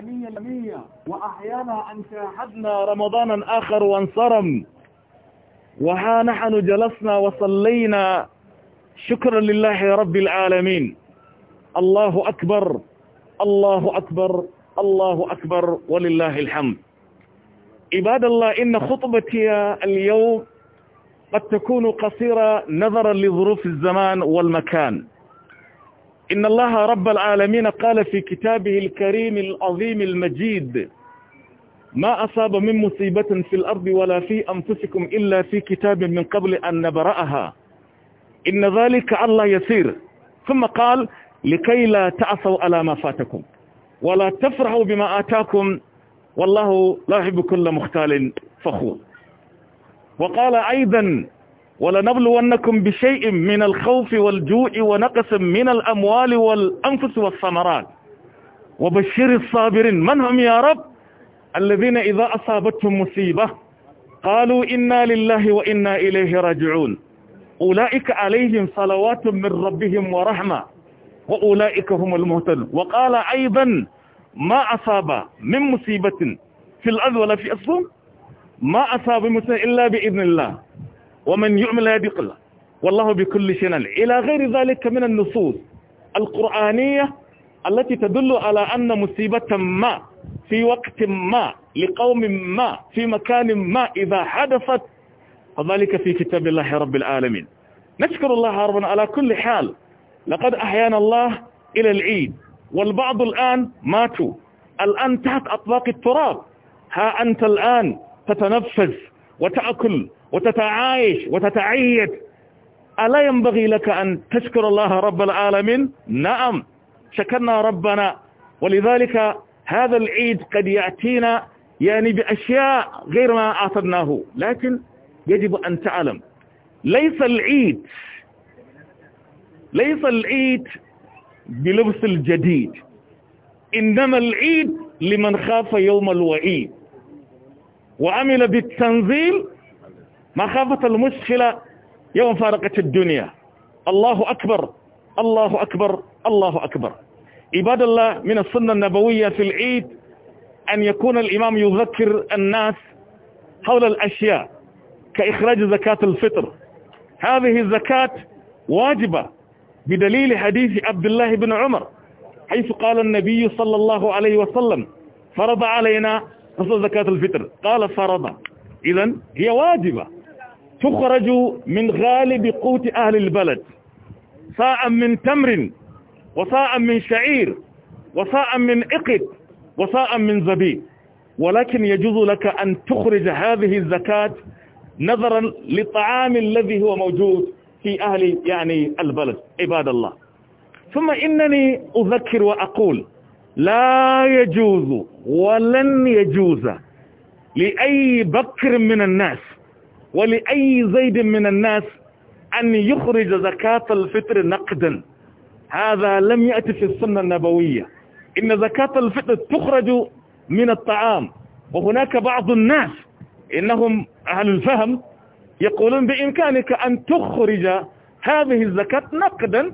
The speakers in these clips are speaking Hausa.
مية مية وأحيانا أن شاهدنا رمضانا آخر وانصرم وها نحن جلسنا وصلينا شكرا لله رب العالمين الله أكبر الله أكبر الله أكبر ولله الحمد عباد الله إن خطبتي اليوم قد تكون قصيرة نظرا لظروف الزمان والمكان إن الله رب العالمين قال في كتابه الكريم العظيم المجيد ما أصاب من مصيبة في الأرض ولا في أنفسكم إلا في كتاب من قبل أن نبرأها إن ذلك الله يسير ثم قال لكي لا تعصوا على ما فاتكم ولا تفرحوا بما آتاكم والله لا يحب كل مختال فخور وقال أيضا ولنبلونكم بشيء من الخوف والجوع ونقص من الأموال والأنفس والثمرات وبشر الصابرين من هم يا رب الذين إذا أصابتهم مصيبة قالوا إنا لله وإنا إليه راجعون أولئك عليهم صلوات من ربهم ورحمة وأولئك هم المهتدون وقال أيضا ما أصاب من مصيبة في الأرض ولا في الصوم ما أصاب مصيبة إلا بإذن الله ومن يعمل لا يقلى والله بكل شيء إلى غير ذلك من النصوص القرآنية التي تدل على أن مصيبة ما في وقت ما لقوم ما في مكان ما إذا حدثت فذلك في كتاب الله رب العالمين نشكر الله ربا على كل حال لقد أحيانا الله إلى العيد والبعض الآن ماتوا الآن تحت أطباق التراب ها أنت الآن تتنفس وتأكل وتتعايش وتتعيد ألا ينبغي لك أن تشكر الله رب العالمين نعم شكرنا ربنا ولذلك هذا العيد قد يأتينا يعني بأشياء غير ما أعطناه لكن يجب أن تعلم ليس العيد ليس العيد بلبس الجديد إنما العيد لمن خاف يوم الوعيد وعمل بالتنزيل مخافة المشكلة يوم فارقة الدنيا الله أكبر الله أكبر الله أكبر عباد الله من السنة النبوية في العيد أن يكون الإمام يذكر الناس حول الأشياء كإخراج زكاة الفطر هذه الزكاة واجبة بدليل حديث عبد الله بن عمر حيث قال النبي صلى الله عليه وسلم فرض علينا خصوصا زكاة الفطر قال فرضا إذا هي واجبة تخرج من غالب قوت أهل البلد صاعا من تمر وصاعا من شعير وصاعا من إقد وصاعا من زبيب ولكن يجوز لك أن تخرج هذه الزكاة نظرا للطعام الذي هو موجود في أهل يعني البلد عباد الله ثم إنني أذكر وأقول لا يجوز ولن يجوز لأي بكر من الناس ولأي زيد من الناس أن يخرج زكاة الفطر نقدا هذا لم يأتي في السنة النبوية إن زكاة الفطر تخرج من الطعام وهناك بعض الناس إنهم أهل الفهم يقولون بإمكانك أن تخرج هذه الزكاة نقدا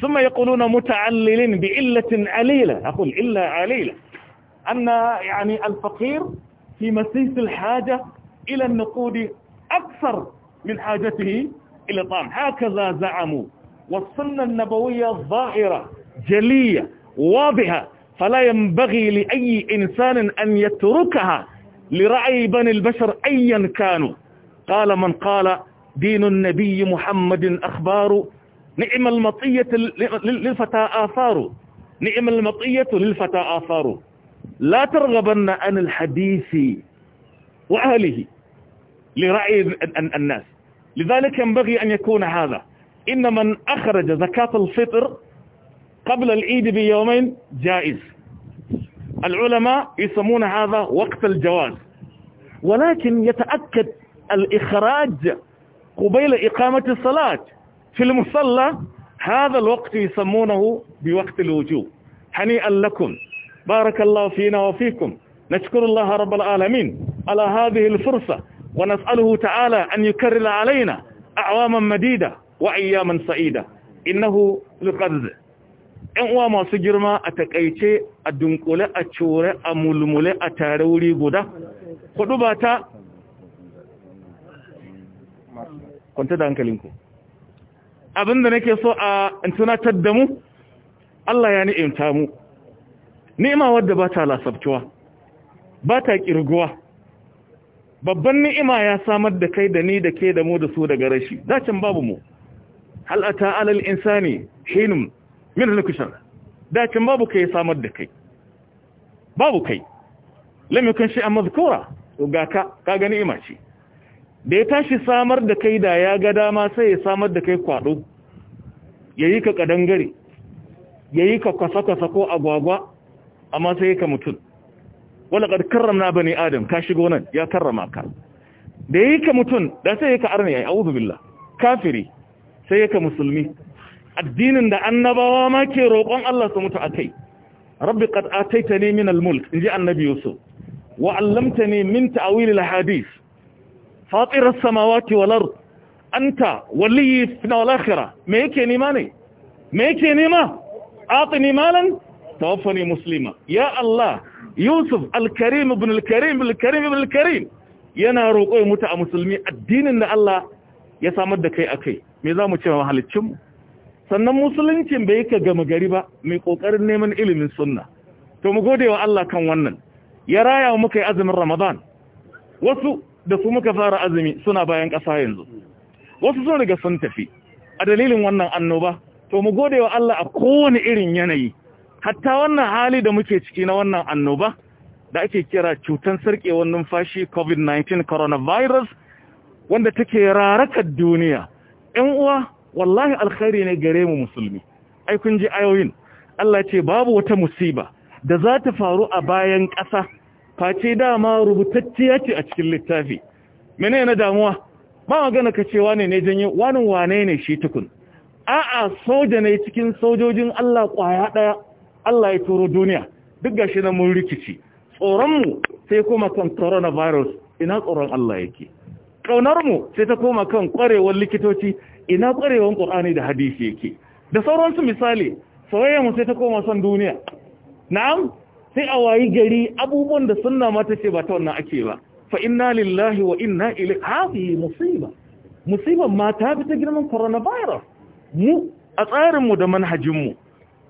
ثم يقولون متعلل بإلة عليلة أقول إلا عليلة أن يعني الفقير في مسيس الحاجة إلى النقود أكثر من حاجته إلى الطعام هكذا زعموا والسنة النبوية ظاهرة جلية واضحة فلا ينبغي لأي إنسان أن يتركها لرأي بني البشر أيا كانوا قال من قال دين النبي محمد أخبار نعم المطية للفتى آثار نعم المطية للفتى آثار لا ترغبن عن الحديث وأهله لرأي الناس لذلك ينبغي أن يكون هذا إن من أخرج زكاة الفطر قبل العيد بيومين جائز العلماء يسمون هذا وقت الجواز ولكن يتأكد الإخراج قبيل إقامة الصلاة في المصلى هذا الوقت يسمونه بوقت الوجوب هنيئا لكم بارك الله فينا وفيكم نشكر الله رب العالمين على هذه الفرصة ونسأله تعالى أن يكرر علينا أعواما مديدة وأياما سعيدة إنه لقد ‘yan uwa masu girma a takaice a dunkule a cure a mulmule a tare wuri abinda nake so a tunatar da mu Allah ya ni'imta mu ni'ima wadda ba ta lasabtuwa ba ta kirguwa babban ni'ima ya samar da kai da ni da ke da mu da su daga rashi dacin babu mu hal ata alal insani hinum min al-kushal dacin babu kai samar da kai babu kai lam yakun shay'an mazkura ga ka ka ga ni'ima ce da ya tashi samar da kai da ya ga dama sai ya samar da kai kwado ya yi ka ƙadangare, ya yi ka kwasa-kwasa ko agwagwa amma sai ka mutum wala kad na bani adam ka shigo nan ya karrama ka da ya yi ka mutum da sai ya ka arna a a'udhu billah kafiri sai ya ka musulmi addinin da annabawa ma ke roƙon Allah su mutu a rabbi taita ne min al-mulk inji annabi yusuf wa ne min ta'wil al-hadith fatirar samawati walar wali yi fina walakira me yake nema ne me yake nema atini malan tawaffani muslima ya Allah Yusuf Alkarim ibn al ibn yana roƙo mutu a musulmi addinin da Allah ya samar da kai akai me zamu ce wa sannan musuluncin bai ka gama gari ba mai ƙoƙarin neman ilimin sunna to mu gode wa Allah kan wannan ya raya muka yi azumin Ramadan wasu da su muka fara azumi suna bayan ƙasa yanzu wasu sun riga sun tafi a dalilin wannan annoba to mu gode wa Allah a kowane irin yanayi hatta wannan hali da muke ciki na wannan annoba da ake kira cutan sarkewar numfashi covid-19 coronavirus wanda take rarakar duniya Yan uwa wallahi alkhairi ne gare mu musulmi ai kun ji ayoyin Allah ce babu wata musiba da za ta faru a bayan ƙasa face dama rubutacciya ce a cikin littafi mene na damuwa ba magana ka ce wane ne janyo wani wane ne shi tukun a'a soja ne cikin sojojin Allah kwaya ɗaya. Allah ya turo duniya duk gashi na mun rikici tsoronmu sai kuma kan coronavirus ina tsoron Allah yake mu sai ta koma kan ƙwarewar likitoci ina ƙwarewar ƙur'ani da hadisi yake da sauransu misali soyayya mu sai ta koma son duniya na'am sai a wayi gari abubuwan da sunna mata ce ba ta wannan ake ba fa inna lillahi wa inna ilaihi hadhihi musiba musiban ma ta fi ta girman coronavirus mu a tsarinmu da manhajinmu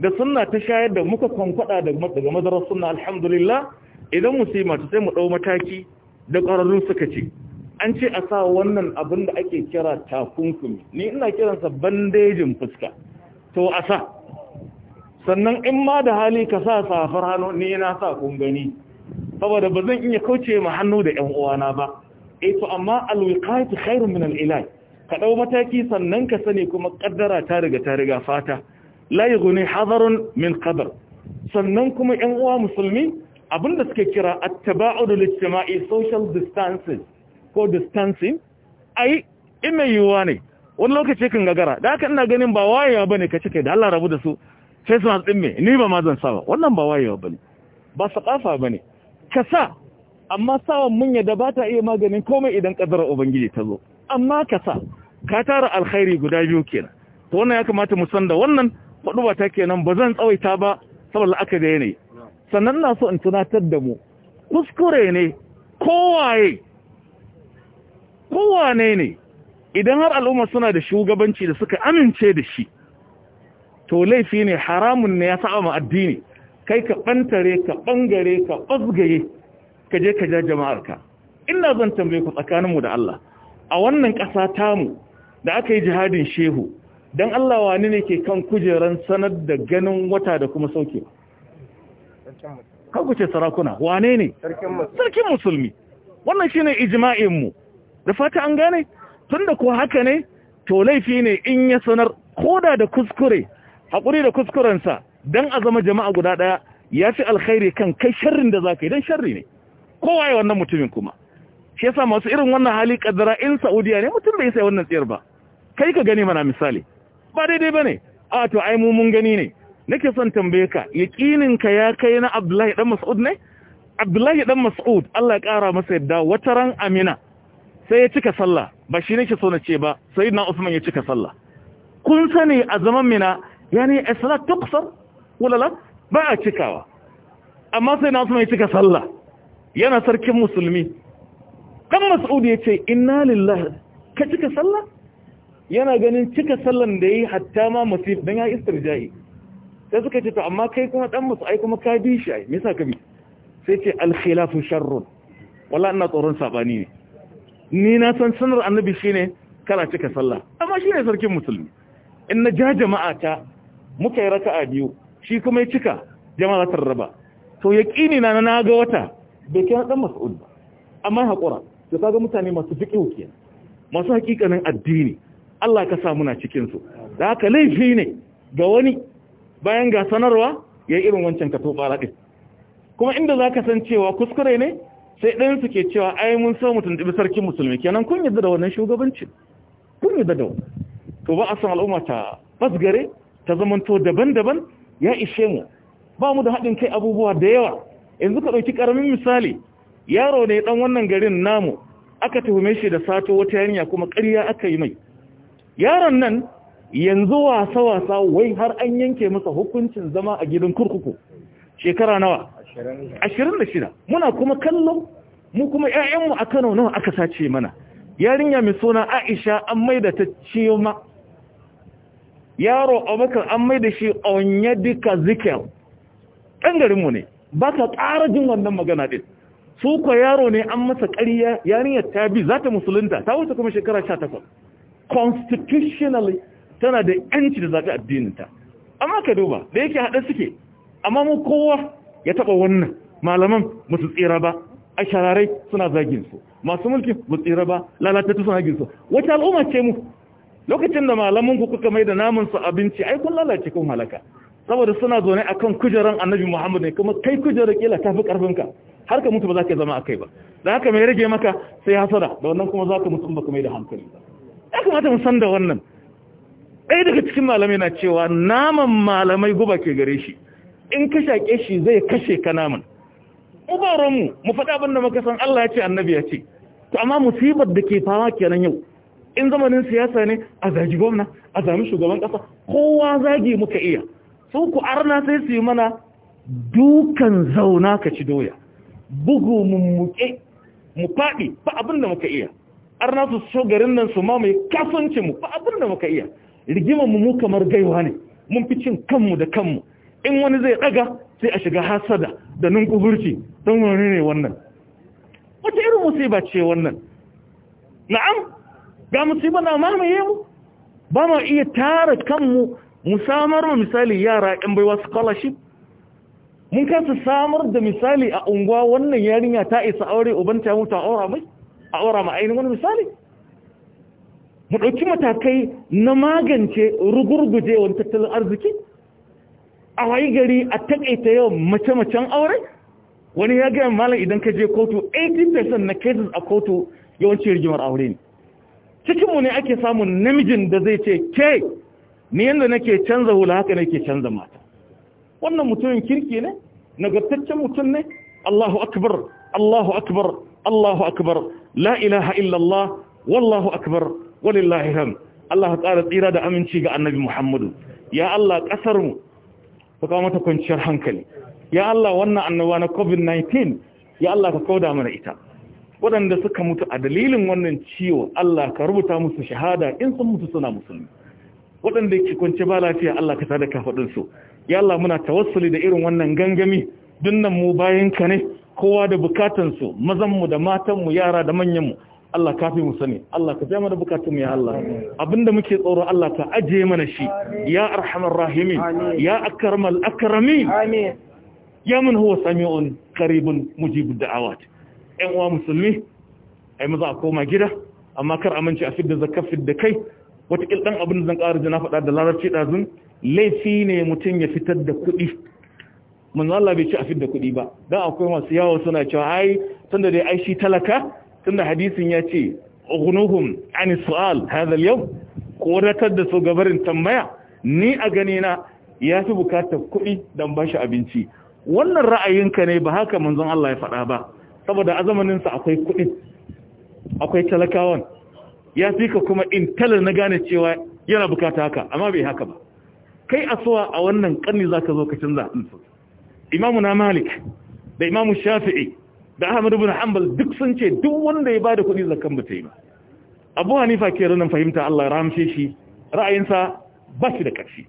da sunna ta shayar da muka kwankwada daga madarar sunna alhamdulillah idan musima ta sai mu dau mataki da ƙwararrun suka ce an ce a sa wannan abin da ake kira takunkumi ni ina kiransa bandejin fuska to a sa sannan in ma da hali ka sa safar hannu ni na sa kun gani saboda ba zan iya kauce ma hannu da ƴan uwana ba E to amma alwiqayatu khairun min alilahi ka dau mataki sannan ka sani kuma kaddara ta riga ta riga fata la yughni hadarun min qadar sannan kuma 'yan uwa musulmi abinda suke kira attaba'ud tabaud social distancing ko distancing ai in mai yiwuwa ne wani lokaci kan gagara da haka ina ganin ba wayewa bane ka cike da Allah rabu da su sai mask ɗin me ni ba ma zan sa ba wannan ba wayewa ba ne ba saƙafa ba ne ka sa amma sawan mun yadda ba ta iya maganin komai idan ƙadarar ubangiji ta zo amma ka sa ka tara alkhairi guda biyu kenan to wannan ya kamata mu san da wannan ba ta kenan ba zan tsawaita ba saboda aka da yanayi sannan na so in tunatar da mu kuskure ne kowaye kowane ne idan har al'umma suna da shugabanci da suka amince da shi to laifi ne haramun ne ya taɓa ma addini kai ka ɓantare, ka ɓangare, ka ɓasgaye ka je ka ja jama'arka ina zan tambaye ku tsakaninmu da Allah a wannan ƙasa tamu da aka yi jihadin shehu don Allah wani ne ke kan kujeran sanar da ganin wata da kuma sauke kan ce sarakuna wane ne sarkin musulmi wannan shi ne ijima'inmu da fata an gane tun da ko haka ne to laifi ne in ya sanar koda da kuskure haƙuri da kuskurensa don a zama jama'a guda ɗaya ya fi alkhairi kan kai sharrin da za ka yi don sharri ne kowa ya wannan mutumin kuma shi yasa masu irin wannan hali kaddara in saudiya ne mutum bai sai wannan tsayar ba kai ka gani mana misali ba daidai ba ne a to ai mu mun gani ne nake son tambaye ka yaƙinin ka ya kai na abdullahi dan mas'ud ne abdullahi dan mas'ud Allah ya ƙara masa yadda wata ran amina sai ya cika sallah ba shi ne so na ce ba sayyidina usman ya cika sallah kun sani a zaman mina yani a salat tuksar wulalat ba a cikawa amma sai na mai cika sallah yana sarkin musulmi kan Mas'udu ya ce inna lillahi ka cika sallah yana ganin cika sallan da yi hatta ma masif don ya istirja'i sai suka ce to amma kai kuma dan masu ai kuma ka bi shi ai me yasa ka bi sai ce al sharrun Wala ina tsoron sabani ne ni na san sunar annabi shine kala cika sallah amma shine sarkin musulmi in na ja jama'ata muka yi raka a biyu shi kuma ya cika jama'a ta raba to na na ga wata bai kai haɗa mas'ud ba amma haƙura. Da ta ga mutane masu fiqhu kenan masu hakikanin addini Allah ka samu na cikin su da haka laifi ne ga wani bayan ga sanarwa ya yi irin wancan ka to raɗi kuma inda za ka san cewa kuskure ne sai ɗayan su ke cewa ai mun samu mutum sarkin musulmi kenan kun yadda da wannan shugabancin kun yadda da to ba a san al'umma ta fasgare ta zamanto daban-daban ya ishe mu ba mu da haɗin kai abubuwa da yawa yanzu ka ɗauki ƙaramin misali yaro ne ɗan wannan garin namu aka tuhume shi da sato wata yanya kuma ƙarya aka yi mai yaron nan yanzu wasa-wasa wai har an yanke masa hukuncin zama a gidan kurkuku shekara nawa ashirin da shida muna kuma kallon mu kuma 'ya'yanmu a kano nawa aka sace mana yarinya mai suna aisha an maida ta ciyoma yaro a makar an mai da shi onye duka zikel ɗan garinmu ne ba ka ƙara jin wannan magana ɗin su kwa yaro ne an masa ƙariya yarinyar ta bi za ta musulunta ta wuce kuma shekara sha takwas constitutionally tana da yanci da zaɓi addininta amma ka duba da yake haɗe suke amma mu kowa ya taɓa wannan malaman musu tsira ba a shararai suna zaginsu masu mulki musu tsira ba lalatattu suna zaginsu wata al'umma ce mu lokacin da malaman ku kuka mai da namun su abinci ai kun lalace kun halaka saboda suna zaune akan kujeran annabi Muhammad ne kuma kai kujerar kila tafi karfin ka har ka mutu ba za ka zama akai ba dan haka mai rage maka sai hasara da wannan kuma za ka mutu ba ka mai da hankali ya kamata mu san da wannan ɗaya daga cikin malamai na cewa naman malamai guba ke gare shi in ka shaƙe shi zai kashe ka naman ubaronmu mu faɗa abin da muka san Allah ya ce annabi ya ce to amma musibar da ke fama kenan yau in zamanin siyasa ne a zagi gwamna a zami shugaban ƙasa kowa zagi muka iya so ku arna sai su yi mana dukan zauna ka ci doya bugu mummuke mu faɗi ba abin muka iya arna su so garin nan su mamaye mu ba abin da muka iya Rigima mu kamar gaiwa ne mun fi cin kanmu da kanmu in wani zai ɗaga sai a shiga hasada da ninkuburci don wani ne wannan wata irin musiba ce wannan na'am ga bana na mamaye mu ba ma iya tara kanmu mu samar ma misali yara yan baiwa scholarship mun kasa samar da misali a unguwa wannan yarinya ta isa aure uban ta mutu aura mai aura ma ainihin wani misali mu ɗauki matakai na magance wani tattalin arziki a wayi gari a taƙaita yawan mace-macen aure wani ya gaya malam idan ka je kotu 80% na cases a kotu yawanci rigimar aure ne cikinmu ne ake samun namijin da zai ce ke ni yadda nake canza hula haka nake canza mata wannan mutumin kirki ne nagartaccen mutum ne Allahu akbar Allahu akbar Allahu akbar la ilaha illallah wallahu akbar walillahi ham Allah ƙara tsira da aminci ga annabi Muhammadu ya Allah ƙasarmu ka kawo mata kwanciyar hankali ya Allah wannan annaba na COVID-19 ya Allah ka kauda mana ita waɗanda suka mutu a dalilin wannan ciwo Allah ka rubuta musu shahada in sun mutu suna musulmi waɗanda ke kwance ba lafiya Allah ka tada kafaɗinsu ya Allah muna tawassuli da irin wannan gangami dunnan mu bayan ka ne kowa da bukatansu mazanmu da matanmu yara da manyanmu Allah fi mu sani Allah ka jama da bukatunmu ya Allah abinda muke tsoro Allah ka ajiye mana shi ya arhamar rahimin ya akramal akramin ya man huwa sami'un qaribun mujibud da'awati ‘yan uwa musulmi a yi maza a koma gida amma kar aminci a fidda zakka fidda kai watakil ɗan abin da zan ƙara jina faɗa da larabci ɗazun laifi ne mutum ya fitar da kuɗi manzo Allah bai ci a fidda kuɗi ba dan akwai masu yawo suna cewa ai tunda dai ai shi talaka tunda hadisin ya ce ugnuhum ani su'al hadha al-yawm koratar da su gabarin tambaya ni a gani na ya fi bukatar kuɗi don ba shi abinci wannan ra'ayinka ne ba haka manzon Allah ya faɗa ba saboda azamaninsa akwai kuɗin akwai talakawan ya fi ka kuma in talar na gane cewa yana bukata haka amma bai haka ba kai asuwa a wannan karni za ka zo ka canza hansu imamu na malik da imamu shafi'i da ahmadu bin hanbal duk sun ce duk wanda ya ba da kuɗi zakan ba ta yi ba abu hanifa ke ranar fahimta allah ramshe shi ra'ayinsa ba shi da ƙarfi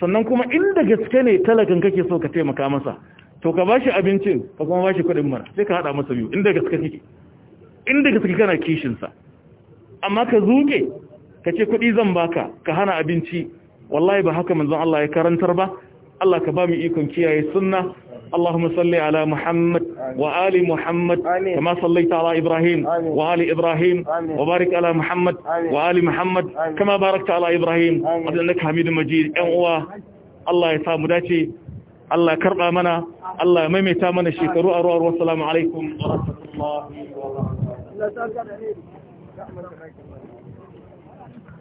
sannan kuma inda gaske ne talakan kake so ka taimaka masa to ka bashi abincin ka kuma bashi kuɗin mara sai ka hada masa biyu inda gaske kake inda gaske kana kishin sa amma ka zuke ka ce kuɗi zan baka ka hana abinci wallahi ba haka manzon Allah ya karantar ba Allah ka ba mu ikon kiyaye sunna اللهم صل على محمد وآل محمد كما صليت على إبراهيم وآل إبراهيم وبارك على محمد وآل محمد كما باركت على إبراهيم أنك حميد مجيد أموا الله يسامو الله كربا منا Allah ya maimaita mana shekaru a ruwa salamu alaikum wa rahmatullahi wa